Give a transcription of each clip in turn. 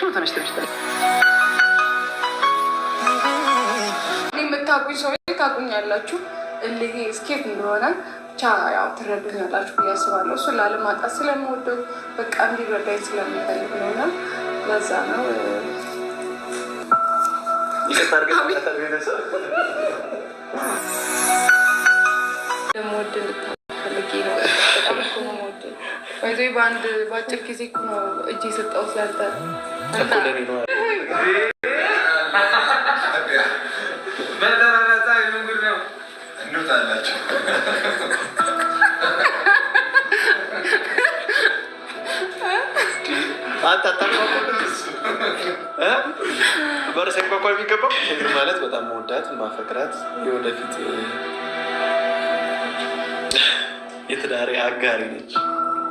እያወቅሽ ነው ተነሽ ተነሽ ተነሽ። የምታቁኝ ስኬት እንደሆነ ብቻ ያው ትረዱኛላችሁ ብዬ አስባለሁ። እሱ ላለማጣት ስለምወደው በቃ እንዲረዳኝ ስለምፈልግ ነውና ለዛ ነው ይቅርታ አድርገን በአንድ በአጭር ጊዜ እኮ ነው እጅ የሰጠው ስላንተ በርሰን ቋቋ የሚገባው ማለት በጣም መወዳት ማፈቅራት የወደፊት የትዳሬ አጋሪ ነች።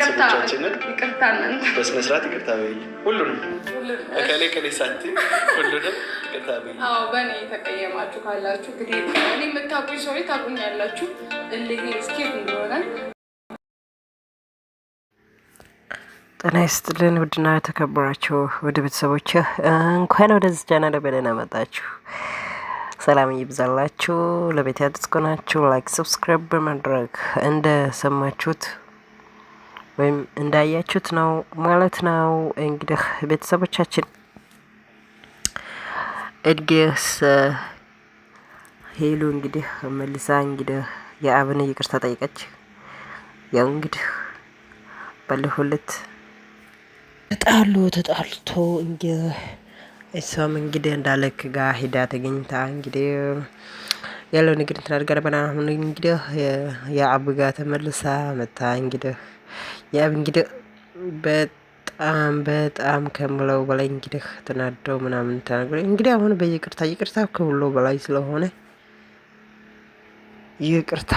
ከሁላችን ይቅርታ በይልኝ። ሁሉንም ሁሉንም ይቅርታ አዎ በእኔ የተቀየማችሁ ካላችሁ እንግዲህ እኔ ታውቁኛላችሁ። እልህ እንደሆነ ጤና ይስጥልን ውድና የተከበራችሁ ውድ ቤተሰቦች እንኳን ወደዚህ ቻናል በደህና መጣችሁ። ሰላም ይብዛላችሁ። ለቤት አዲስ ላይክ፣ ሰብስክራይብ በማድረግ እንደሰማችሁት ወይም እንዳያችሁት ነው ማለት ነው። እንግዲህ ቤተሰቦቻችን እድጌስ ሄሉ እንግዲህ መልሳ እንግዲህ የአብን ይቅርታ ጠይቀች። ያው እንግዲህ ባለሁለት ተጣሉ ተጣልቶ እንግዲህ እሷም እንግዲህ እንዳለክ ጋር ሂዳ ተገኝታ እንግዲህ ያለው ንግድ እንትን አድርጋ ደበና አሁን እንግዲህ የአብ ጋር ተመልሳ መታ እንግዲህ ያብ እንግዲህ በጣም በጣም ከምለው በላይ እንግዲህ ተናደው ምናምን ተናግረ እንግዲህ አሁን በይቅርታ ይቅርታ ከሁሉ በላይ ስለሆነ ይቅርታ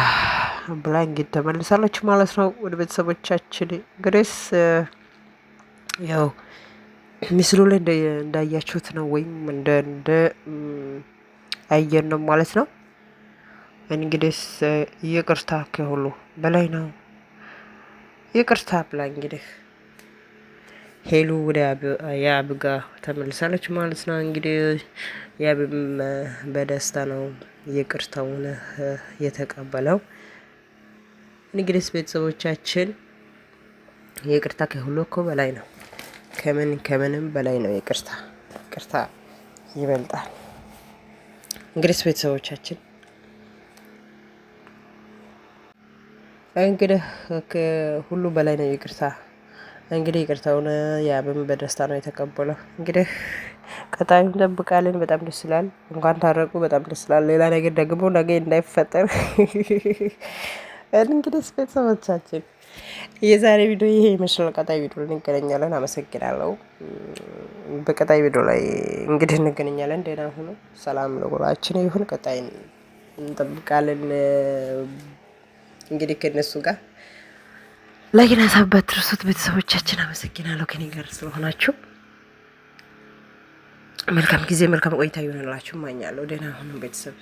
ብላ እንግዲህ ተመልሳለች ማለት ነው። ወደ ቤተሰቦቻችን ግሬስ ያው ምስሉ ላይ እንዳያችሁት ነው ወይም እንደ እንደ አየን ነው ማለት ነው። እንግዲህ ይቅርታ ከሁሉ በላይ ነው። ይቅርታ ብላ እንግዲህ ሄሉ ወደ ያብ ተመልሳለች ማለት ነው። እንግዲህ ያብም በደስታ ነው ይቅርታውን የተቀበለው። እንግዲህ ቤተሰቦቻችን ይቅርታ ከሁሉ እኮ በላይ ነው። ከምን ከምንም በላይ ነው ይቅርታ። ይቅርታ ይበልጣል። እንግዲህ ቤተሰቦቻችን እንግዲህ ሁሉ በላይ ነው ይቅርታ። እንግዲህ ይቅርታውን ያብም በደስታ ነው የተቀበለው። እንግዲህ ቀጣዩም ጠብቃለን። በጣም ደስ ይላል። እንኳን ታረቁ። በጣም ደስ ይላል። ሌላ ነገር ደግሞ ነገ እንዳይፈጠር እንግዲህ ቤተሰቦቻችን የዛሬ ቪዲዮ ይሄ ይመስላል። ቀጣይ ቪዲዮ ላይ እንገናኛለን። አመሰግናለሁ። በቀጣይ ቪዲዮ ላይ እንግዲህ እንገናኛለን። ደህና ሁኑ። ሰላም ለሁላችን ይሁን። ቀጣይ እንጠብቃለን። እንግዲህ ከነሱ ጋር ላይክን ሀሳብ ትርሱት። ቤተሰቦቻችን አመሰግናለሁ ከኔ ጋር ስለሆናችሁ። መልካም ጊዜ መልካም ቆይታ ይሆንላችሁ። ማኛለሁ። ደህና ሁኑ ቤተሰብ